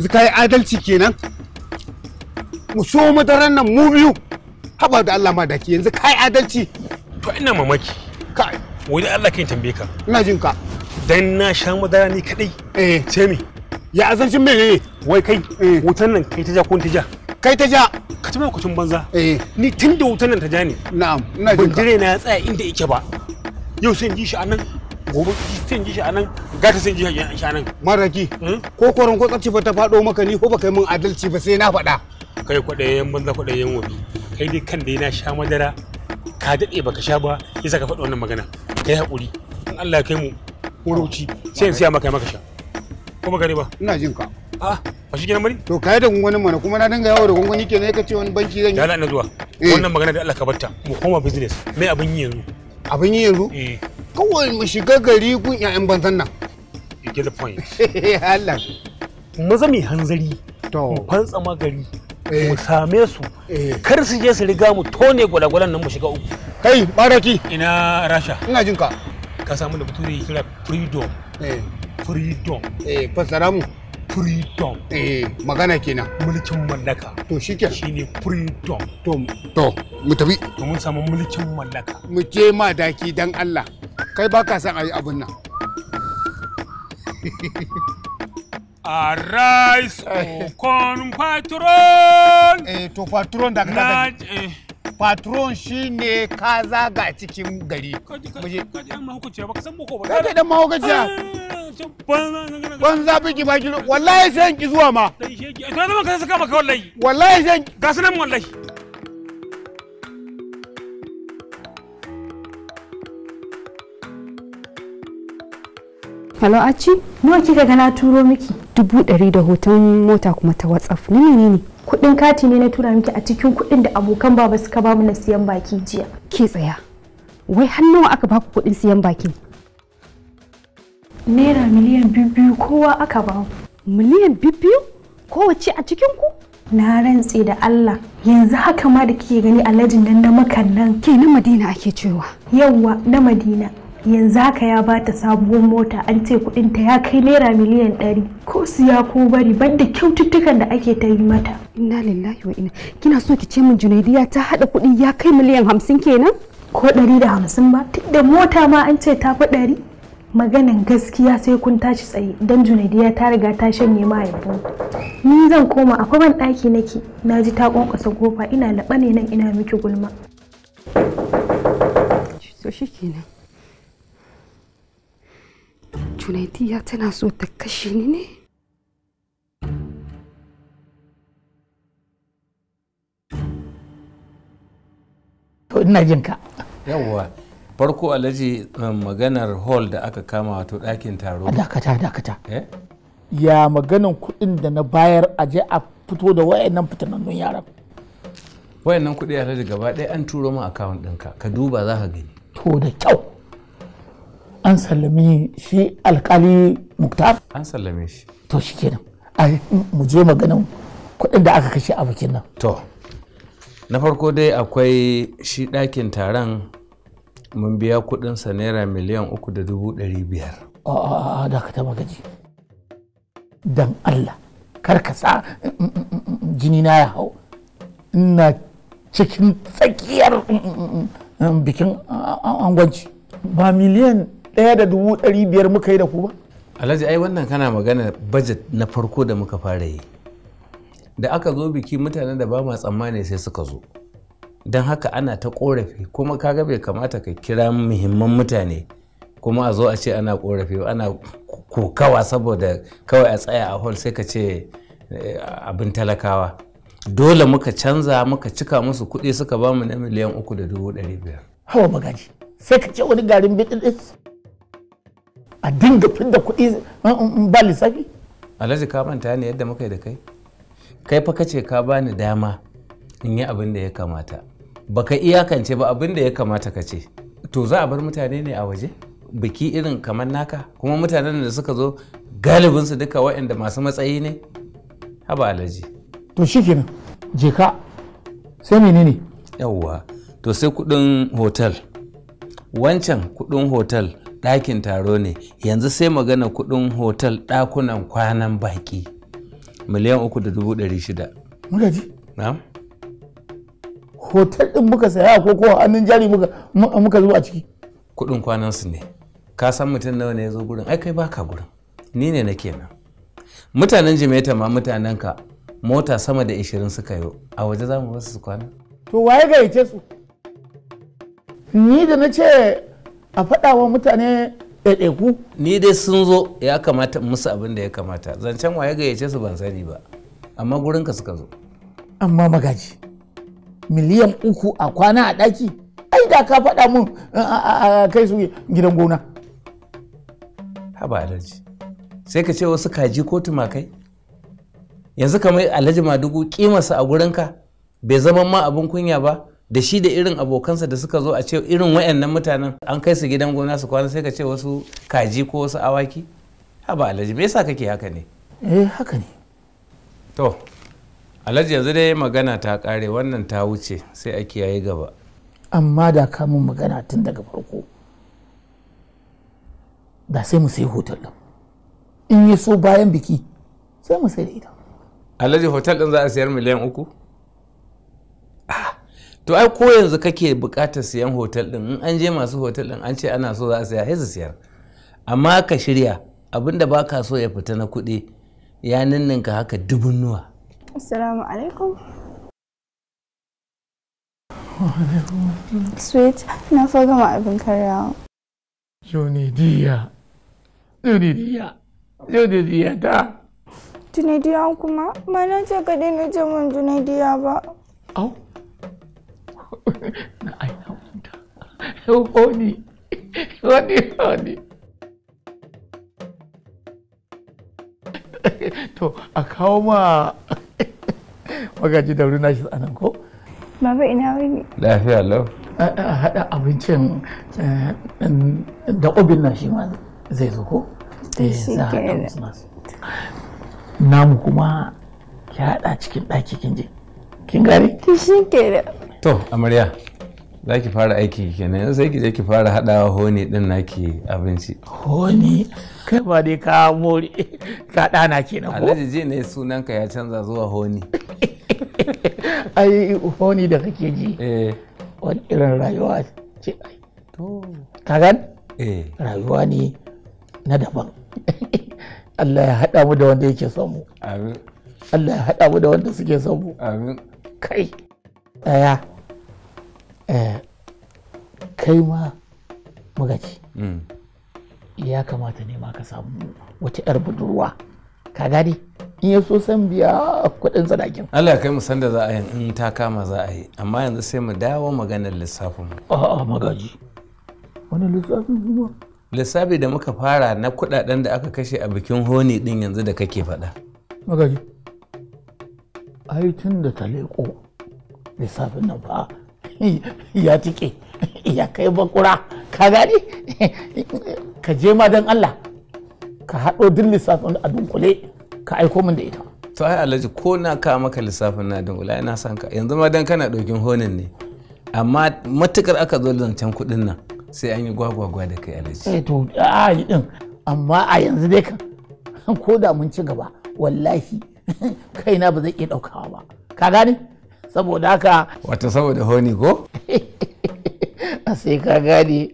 yanzu ka yi adalci kenan mu so madaran nan mu biyu haba da Allah ma daki yanzu ka yi adalci to ina mamaki kai wani Allah kan tambaye ka ina jin ka dan na sha madara ni kadai eh ce me ya azancin me wai kai eh. wutan nan kai ta ja ko ta ja kai ta ja ka ci lokacin banza eh ni tun da wutan nan ta ja ne na'am ina jin ka ban jire na ya tsaya inda yake ba yau sai in ji shi anan gobe sai in ji shi anan gata sai jiya shanan maraki hmm? ko koron ko tsarci ta faɗo maka ni ko ba kai min adalci ba sai na faɗa kai kwaɗayen banza kwaɗayen wabi kai dai kan dai na sha madara ka daɗe baka sha ba yasa ka faɗa wannan magana kai haƙuri in Allah ya kai mu wuruci sai in siya maka maka sha kuma gare ba ina jin ka a ba shi kenan bari to kai da gungunin mana kuma na dinga yawo da gunguni kenan kace wani banki zan yi yana zuwa eh. wannan magana da Allah ka batta mu koma business mai abin yi yanzu abin yi yanzu eh. kawai mu shiga gari kun ƴaƴan banzan nan you get the point eh, Allah maza zami hanzari to fantsa magari mu eh. same su eh. kar su je su riga mu tone gwalagwalan nan mu shiga uku kai baraki ina rasha ina jinka ka samu da bature ya kira freedom eh freedom eh fasara mu freedom eh magana kenan mulkin mallaka to shike shine freedom to to mu tafi to mun samu mulkin mallaka mu je ma daki dan Allah kai baka san ayi abun nan Arise, eh. con Patron! Eh, to Patron da kada. Patron shine kaza ga cikin gari. Kaji yan mahukuciya ba ka san boko ba. Kaji dan mahukuciya. Eh, banza biki ba kilo. Wallahi sai ki zuwa ma. Sai ki. Eh, to zama ka saka maka wallahi. Wallahi sai. Ga sunan wallahi. Hello Aci, nawa kika ga na turo miki? Dubu ɗari da hoton mota kuma ta WhatsApp. Na menene? Kuɗin kati ne na tura miki a cikin kuɗin da abokan baba suka ba mu na siyan baki jiya. Ke tsaya. Wai hannuwa aka baku kuɗin siyan baki. Naira miliyan biyu kowa aka ba Miliyan biyu? Kowace a cikin ku? Na rantse da Allah yanzu haka ma da kike gani a nan na makan nan. Ke na Madina ake cewa. Yawwa na Madina. yanzu haka ya bata sabuwar mota an ce kudinta ya kai naira miliyan ɗari ko siya ko bari banda kyaututtukan da ake ta yi mata inna lillahi wa ina kina so ki ce min junaidiya ta hada kudi ya kai miliyan hamsin kenan ko ɗari da hamsin ba tun da mota ma an ce ta fi ɗari maganan gaskiya sai kun tashi tsaye don junaidiya ta riga ta shanye ma mahaifin ni zan koma a kwaban ɗaki nake na ji ta ƙwanƙwasa kofa ina laɓa ne nan ina miki gulma so Junaidiya tana so ta kashe ni ne? To ina jin ka. Yawwa. Farko alhaji um, maganar hall da aka kama wato ɗakin taro. A dakata dakata. Eh? Ya maganan kuɗin da na bayar a je a fito da wayannan fitanannun yaran. Wayannan kuɗi alhaji gaba ɗaya an turo ma akawun ɗinka ka duba za ka gani. To da kyau. an sallame shi alkali muktar an sallame shi to shi kenan mu je maganin kuɗin da aka kashe a bikin nan to na farko dai akwai shi ɗakin taron mun biya kuɗinsa naira miliyan uku da dubu ɗari biyar a da ka taba gaji don allah sa. Mm, mm, mm, jini na ya hau ina cikin tsakiyar bikin angwanci ba miliyan ɗaya da dubu ɗari biyar muka yi da ku ba alhaji ai wannan kana magana budget na farko da muka fara yi da aka zo biki mutanen da ba ma tsammani sai suka zo don haka ana ta korafi kuma kaga bai kamata ka kira muhimman mutane kuma a zo a ce ana korafi ana kokawa saboda kawai a tsaya a hall sai ka ce eh, abin talakawa dole muka canza muka cika musu kuɗi suka ba mu na miliyan uku da dubu ɗari biyar hawa magaji sai ka ce wani garin bidin a dinga fidda kuɗi ba lissafi alhaji ka manta ne yadda muka yi da kai kai fa kace ka bani dama in yi abin da ya kamata baka iyakance ba abin da ya kamata ka ce to za a bar mutane ne a waje biki irin kamar naka kuma mutanen da suka zo galibinsu duka waɗanda masu matsayi ne haba alhaji. to shi kenan. je ka sai menene yawwa to sai kudin hotel wancan kuɗin hotel ɗakin taro ne yanzu sai magana kuɗin hotel ɗakunan kwanan baƙi miliyan uku da dubu ɗari shida muka ji na hotel ɗin muka saya ko ko hannun jari muka zuba a ciki kuɗin kwanan su ne ka san mutum nawa ne ya zo gurin ai kai baka gurin ni ne na kenan mutanen jimaita ma mutanen ka mota sama da 20 suka yi a waje za mu basu su kwana to waye gayyace su ni da na ce a faɗawa mutane ɗaiɗaiku ni dai sun zo ya kamata musu abin da ya kamata zancen waye gayyace su ban sani ba amma gurinka suka zo amma magaji miliyan uku a kwana a ɗaki ai da ka faɗa mun kai su gidan gona haba alhaji sai ka ce wasu kaji ko tumakai yanzu kamar alhaji madugu kimarsa a gurinka bai zama ma abin kunya ba da shi da irin abokansa da suka zo a ce irin wayannan mutanen an kai su gidan gona su kwana sai ka ce wasu kaji ko wasu awaki haba alhaji me yasa kake haka ne eh haka ne to alhaji yanzu dai magana ta kare wannan ta wuce sai a kiyaye gaba amma da ka mun magana tun daga farko da sai mu sai hotel din in yi so bayan biki sai mu sai da ita alhaji hotel din za a sayar miliyan uku ah to ai ko yanzu kake bukatar siyan hotel din in an je masu hotel din an ce ana so za a siya sai su siyar amma ka shirya abinda ba ka so ya fita na kuɗi ya ninninka haka dubun nuwa assalamu alaikum sweet na so gama abin karyawa jonidiya jonidiya jonidiya ta junidiya kuma ba na ce ka ce jaman junidiya ba Ai na huta. Honi. Honi honi. To a kawo ma magaji da runa shi tsanan ko? Baba ina wani. Lafiya lau. A haɗa abincin eh, da obin na shi ma zai zo ko? Eh za a haɗa Namu kuma ya haɗa cikin ɗaki kin je. Kin gari? Shi ke to amarya za ki fara aiki kenan yanzu sai ki je ki fara hadawa honi din naki abinci honi kai ba dai ka mori ka ɗana kenan ko alhaji je ne sunan ka ya canza zuwa honi ai honi da kake ji eh wani irin rayuwa ce ai to kagan eh rayuwa ne na daban Allah ya hada mu da wanda yake son mu amin Allah ya hada mu da wanda suke son mu amin kai ɗaya eh, kai ma magaji mm. ya kamata ne ma ka samu wata 'yar budurwa ka gani in ya so san biya kuɗin sadakin. Allah kai mu san da za a yi in ta kama za a yi amma yanzu sai mu dawo maganar lissafin mu. A'a magaji. Wani lissafin kuma? Lissafi da muka fara na kuɗaɗen da aka kashe a bikin honi ɗin yanzu da kake faɗa. Magaji. Ai tun da ta leko lissafin nan fa ya tike ya kai bakura ka gani ka je ma don Allah ka haɗo duk lissafin a dunkule ka aiko min da ita to ai alhaji ko na ka maka lissafin na dunkule ai na san ka yanzu ma dan kana ɗaukin honin ne amma matukar aka zo zancen kuɗin nan sai an yi gwagwagwa da kai alhaji eh to a yi din amma a yanzu dai kan ko da mun ci gaba wallahi kaina ba zai iya ɗaukawa ba ka gani saboda haka wata saboda honi ko a sai ka gane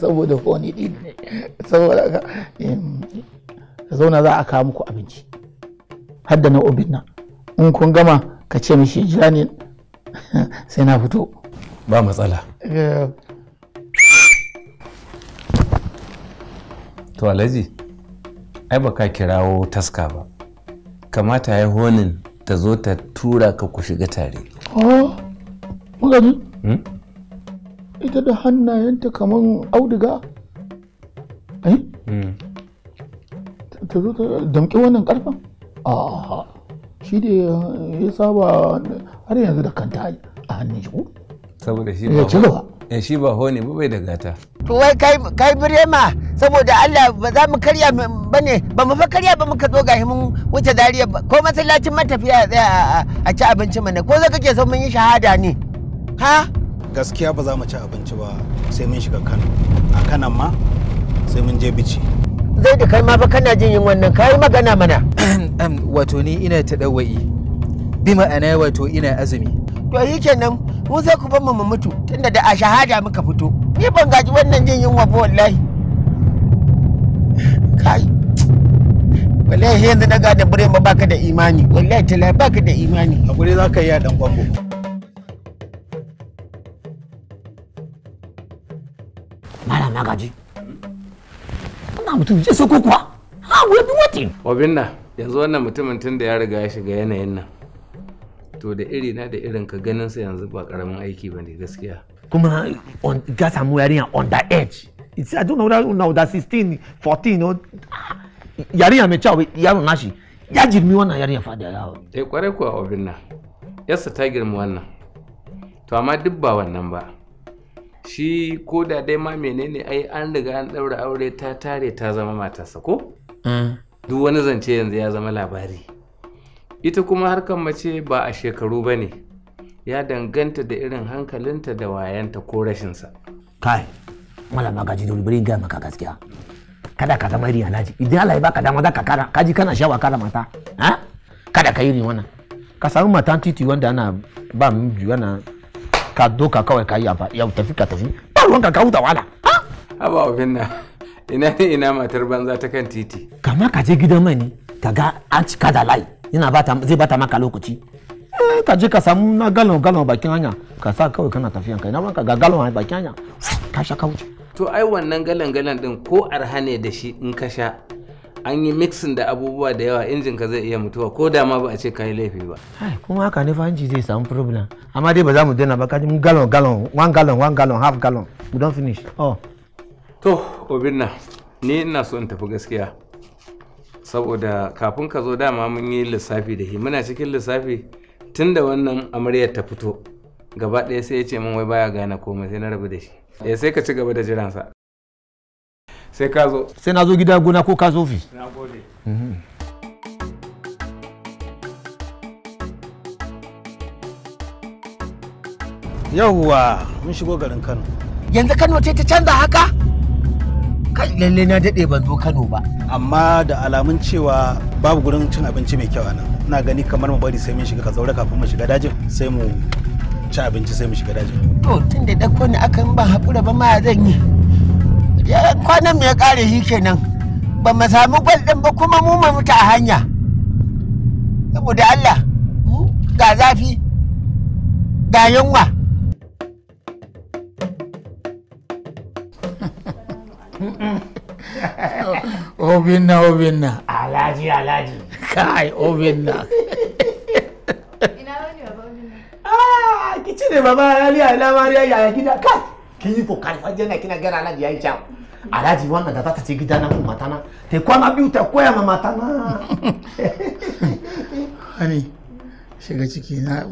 saboda honi din ne saboda haka ka zauna za a kawo muku abinci har da nau'obin nan in kun gama ka ce mishi jira ne sai na fito ba matsala eh. to alhaji ai ba ka kirawo taska ba kamata ya honin ta zo ta tura ka ku shiga tare oh, magani hmm? ita da hannayenta kamar auduga eh? hmm. ta zo ta damƙi wannan ƙarfen shi da ya saba har yanzu da kanta a hannun shi saboda shi eh, ba eh shi ba hone ba bai da gata to wai kai kai birema saboda Allah ba za mu karya bane ba mu fa karya ba muka zo gashi mun wuce dariya ko masallacin matafiya tsaya a ci abinci mana ko za kake so mun yi shahada ne ha gaskiya ba za mu ci abinci ba sai mun shiga Kano a kanan ma sai mun je bici zai da kai ma fa kana jin yin wannan kai magana mana wato ni ina ta dawa'i bi ma'ana wato ina azumi to yi kenan mun sai ku mu mutu tunda da a shahada muka fito ni ban gaji wannan jin yunwa ba wallahi kai wallahi yanzu na gada bure ma baka da imani wallahi tala baka da imani a gure zaka yi a dan kwambo mala na gaji ina mutum so ko kuwa ha ah, we bi watin obinna yanzu wannan mutumin tun da ya riga ya shiga yanayin nan to da iri na da irin ka ganin sa yanzu ba karamin aiki bane gaskiya kuma on ga samu yarinya on the edge it's i don't know that now that 16 14 no yarinya mai cewa yaro nashi ya girmi wannan yarinya fa da yawo eh kwarai kuwa obin nan yasa ta girmi wannan to amma duk ba wannan ba shi ko da dai ma menene ai an riga an daura aure ta tare ta zama matarsa ko mm. duk wani zance yanzu ya zama labari ita kuma harkar mace ba a shekaru ba ne ya danganta da irin hankalinta da wayanta ko rashinsa kai malama gaji dole bari ga maka gaskiya kada ka zama riya Laji, idan Allah ya baka dama za ka kara kaji kana shawa kara mata ha kada ka yi ni wannan ka samu matan titi wanda ana ba ji wannan ka doka kawai ka yi ba ya tafi ka tafi ba ruwan ka huta wala ha haba abin nan ina ne ina matar banza ta kan titi kama ka je gidan mani ka ga an cika da layi yana bata zai bata maka lokaci eh ka je ka samu na galon galon bakin hanya ka sa kawai kana tafiyan kai na ranka ga galon bakin hanya ka sha ka wuce to ai wannan galan galan din ko arhane ne da shi in ka sha an yi mixin da abubuwa da yawa injin ka zai iya mutuwa ko da ma ba a ce ka yi laifi ba kuma haka ne fanci zai samu problem amma dai ba za mu daina ba ka ji galon galon one galon one galon half galon we don finish oh to obinna ni ina so in tafi gaskiya saboda kafin ka zo dama mun yi lissafi da shi muna cikin lissafi tun da wannan amaryar ta fito gaba ɗaya sai ya ce min wai baya gane komai sai na rabu da shi ya eh, sai ka ci gaba da jiransa sai ka zo sai na zo gida gona ko ka zo fi na gode mhm. yauwa mun shigo garin kano yanzu kano ce ta canza haka kai lalle na daɗe ban zo Kano ba. Amma da alamun cewa babu gurin cin abinci mai kyau a nan. Ina gani kamar mu bari sai mun shiga kazaure kafin mu shiga dajin sai mu ci abinci sai mu shiga dajin. To tun da ɗauko ni aka ba haƙura ba ma zan yi. Kwanan ya ƙare shi kenan. Ba mu samu gwal ɗin ba kuma mu ma mutu a hanya. Saboda Allah ga zafi ga yunwa. obin na alaji alaji alhaji alhaji kai obin na ki baba ah, ali maria ya kina kai kini ko kokari fa jana kina gara ala yayi can ala wannan da data ta gida na matana te kwana biyu ta koya ma matana shiga ciki na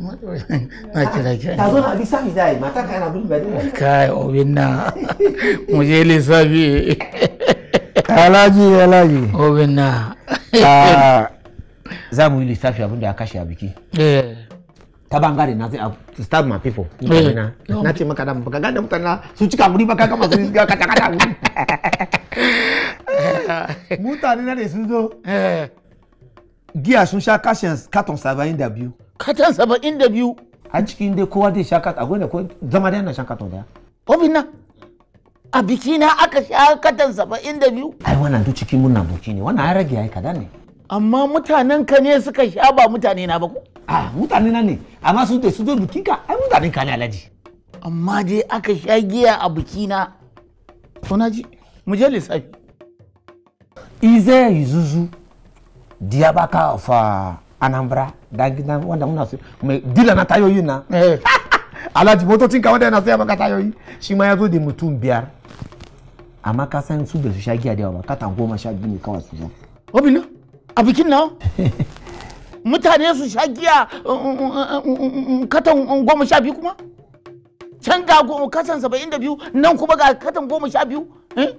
na kira ki ta zo na lissafi za yi mata kana bin bari kai obin na mu je lissafi alaji alaji obin na ah, za mu yi lissafi abin da ya kashe a biki eh. ta bangare na sai to ah, start my people eh. na ce maka da baka gada mutane su cika guri baka gama masu ga kata kata guri mutane na ne sun zo eh. giya sun sha kashin katon saba'in da biyu katan saba'in da biyu a cikin dai kowa zai sha katan akwai ko zama da yana sha katan daya obin nan a biki na aka sha katan saba'in da biyu ai wannan duk cikin muna buki ne wannan an rage yi kada ne amma mutanen ka ne suka sha ba mutane na ba ko a mutane na ne amma su te su zo bikin ka ai mutanen ka ne alaji amma dai aka sha giya a biki na to na ji mu je lissafi ize yuzuzu diabaka fa anambra dangina wanda muna so me dila na yi na eh. alhaji motocin ka wanda ya saya maka yi shi ma ya zo da mutum biyar amma ka san su da su shagiya giya da yawa katan goma sha biyu ne kawai su zo obilo a bikin na mutane su shagiya giya um, um, um, katan goma sha biyu kuma can ga katan saba'in da biyu nan kuma ga katan goma sha biyu eh?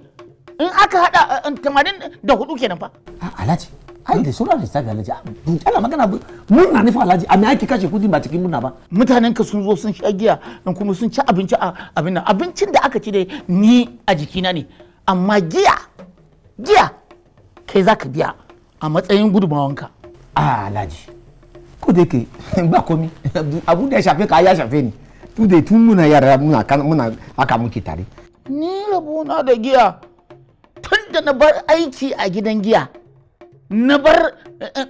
in aka hada uh, uh, tamanin da hudu kenan fa alhaji ai da sura ne sabi alhaji ana magana murna ne fa alhaji a me ake kashe kudi ba cikin murna ba mutanen ka sun zo sun sha giya in kuma sun ci abinci a abin nan abincin da aka ci dai ni a jikina ne amma giya giya kai zaka biya a matsayin gudunmawanka a alhaji ko da yake ba komi abu da ya shafe ka ya shafe ni tu da tun muna yara muna muna aka muke tare ni rabona da giya tun da na bar aiki a gidan giya na bar eh, eh,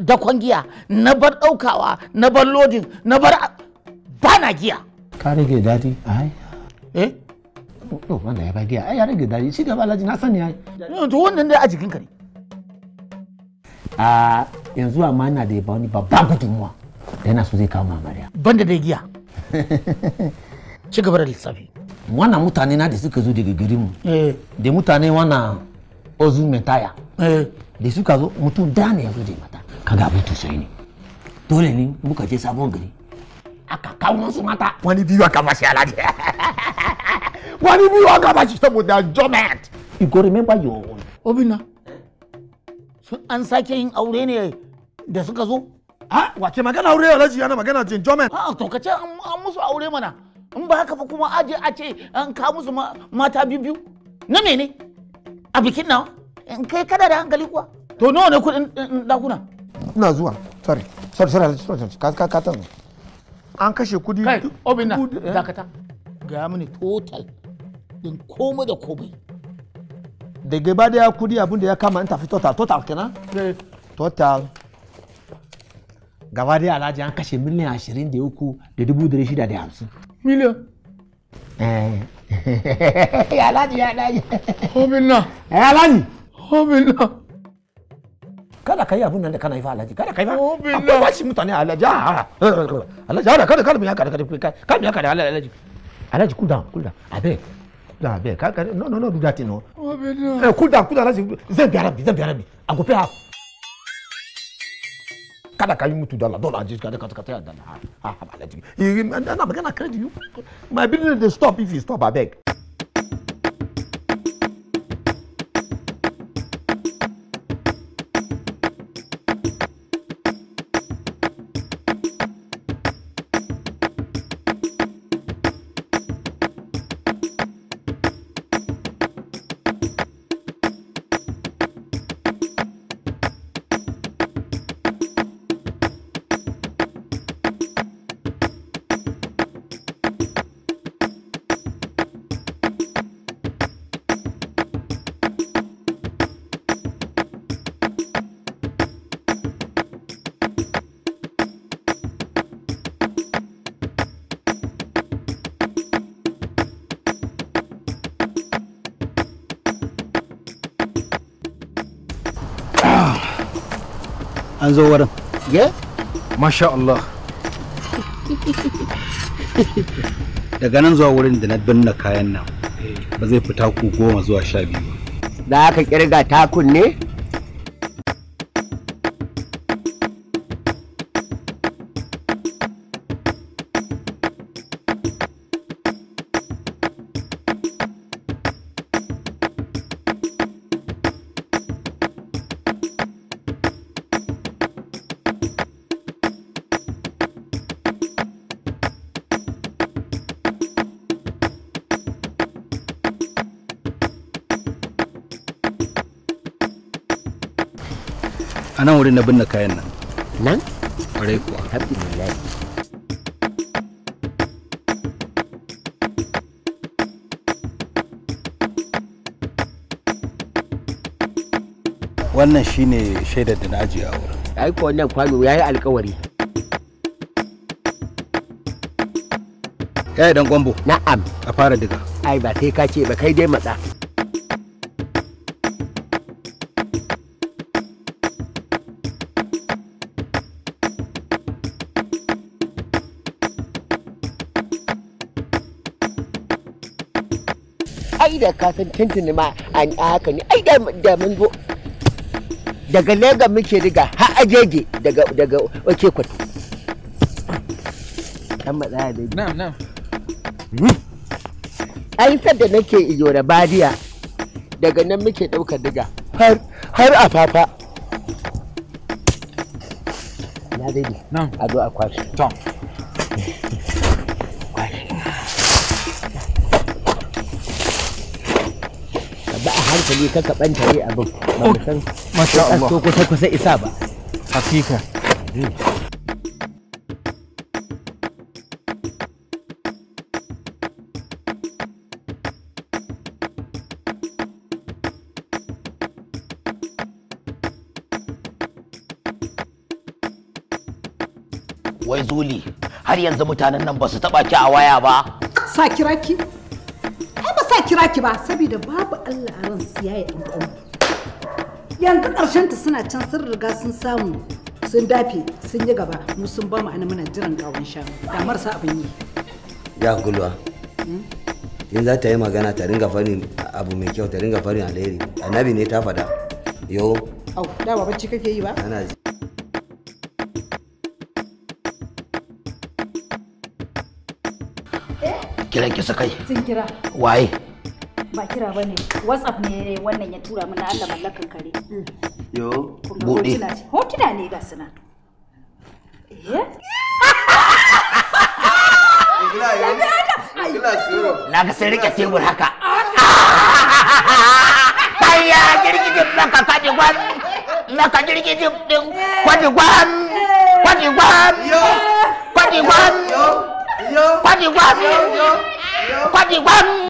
dakon giya na bar daukawa na bar lodin na bar bana giya ka rage dadi ai eh to wanda ya ba giya ai ya rage dadi shi gaba alhaji na sani ai eh, to wannan dai a jikinka ne a yanzu amma ina da wani babban gudunmuwa da yana so zai kawo mamariya banda da giya ci gaba da lissafi wannan mutane na da suka zo daga garinmu da mutane wannan ozu metaya da suka zo mutum da ne ya zo da mata kaga abin tausayi ne dole ne muka je sabon gari aka kawo su mata wani biyu aka mashi alaji wani biyu aka mashi saboda jomet you go remember your own obina an sake yin aure ne da suka zo ha wace magana aure alaji yana magana jin jomet a to kace an musu aure mana in ba haka ba kuma aje a ce an kawo musu mata biyu biyu na mene a bikin nawa in kai kada da hankali kuwa to nawa ne kuɗin dakuna. Eh, eh, ina zuwa sorry sorry sorry sorry ka ka ka tan an kashe kudi kai obinna dakata ga mini total din komai da komai da gaba da kudi abin da ya kama in tafi total total kenan eh. total gaba da alhaji an kashe miliyan ashirin da uku da dubu dari shida da hamsin miliyan eh alhaji ya alhaji obinna eh alhaji Obinna. Kada ka yi abun nan da kana yi fa Alhaji, kada ka yi fa. Obinna. Akwai bashi mutane Alhaji, a ah, ah, ah, Alhaji, kada kada kada mu ya kada kada kada mu ya kada Alhaji. Alhaji cool down, cool down. Abeg. Cool down, abeg. Kada no no no do that no. Obinna. Eh cool down, cool down Alhaji. Zan bi Arabi, zan bi Arabi. I go pay half. kada ka yi mutu dala dala ji kada ka ka tayar dala ha ha Alhaji. Ina magana credit you. My business dey stop if you stop abeg. an zo wurin ge? masha Allah daga nan zuwa wurin da na binne kayan nan ba zai fita ku goma zuwa sha biyu ba za ka kirga takun ne wurin na binne kayan nan nan kwarai kuwa wannan shine shaidar da na ajiye a wurin ai ko wannan kwano yayi alkawari kai dan gombo na'am a fara diga ai ba sai ka ce ba kai dai matsa da ka san tuntuni ma a haka ne ai da mun zo daga lega muke riga ha ajeje daga daga oke kwat dan matsaya da na na hmm. ai da nake iyo da badiya daga nan muke ɗaukar diga har har a fafa na daidai a zo a kwashe hankali ka ka banta ne abin ba mu oh, san masha Allah ko kusa kusa isa ba hakika wai zuli har yanzu mutanen nan ba su taba ki a waya ba sa kiraki kira ki ba saboda babu Allah a ran su yayi yanzu karshen ta suna can sun riga sun samu sun dafe sun yi gaba mu sun ba mu ana muna jiran gawon shanu da marasa abin yi ya gulwa in za ta yi magana ta ringa farin abu mai kyau ta ringa farin alheri annabi ne ta fada yo au da ba bacci kake yi ba ana ji ki sakai sun kira waye ba kira ba ne whatsapp ne wannan ya tura mana allah mallakan kare yo bude hotuna ne ga suna eh? na ga rike tebur haka kaya jirgin maka kaji gwan maka jirgin din kwaji gwan kwaji gwan gwan gwan gwan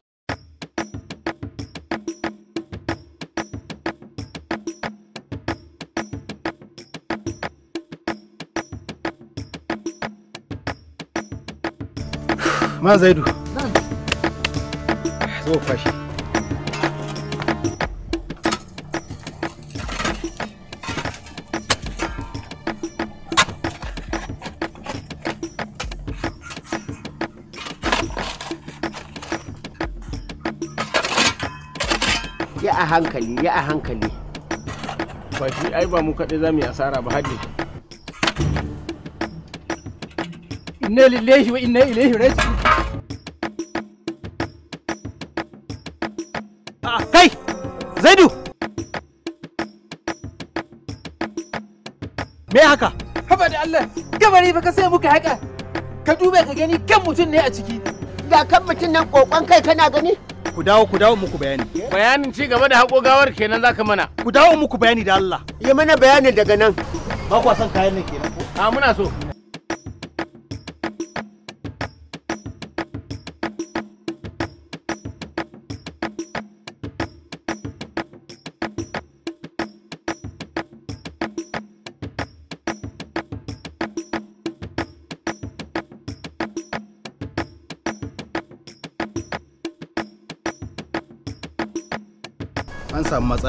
ma zaidu zo fashi ya a hankali ya a hankali Fashi ai ba mu kaɗai za mu yi asara ba hadi inna lillahi wa inna ilaihi raji hankali ba ka sai muka haka ka dube ka gani kan mutum ne a ciki ga kan mutum nan kokon kai kana gani ku dawo ku dawo muku bayani bayanin ci gaba da hako gawar kenan zaka mana ku dawo muku bayani da Allah ya mana bayani daga nan ba ku san kayan nan kenan a muna so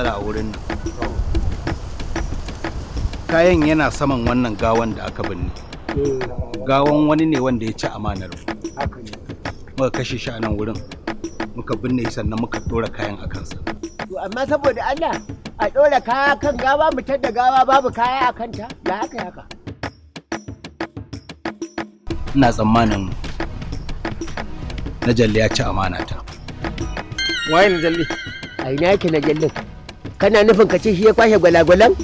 matsala a wurin nan kayan yana saman wannan gawan da aka binne gawan wani ne wanda ya ci amanar muka kashe shi a nan wurin muka binne sannan muka dora kayan a kansa to amma saboda Allah a dora kaya kan gawa mu da gawa babu kaya a kanta da haka haka ina tsammanin najalli ya ci amana ta waye najalli a ina yake najallin kana nufin ka ce shi ya kwashe gwalagwalan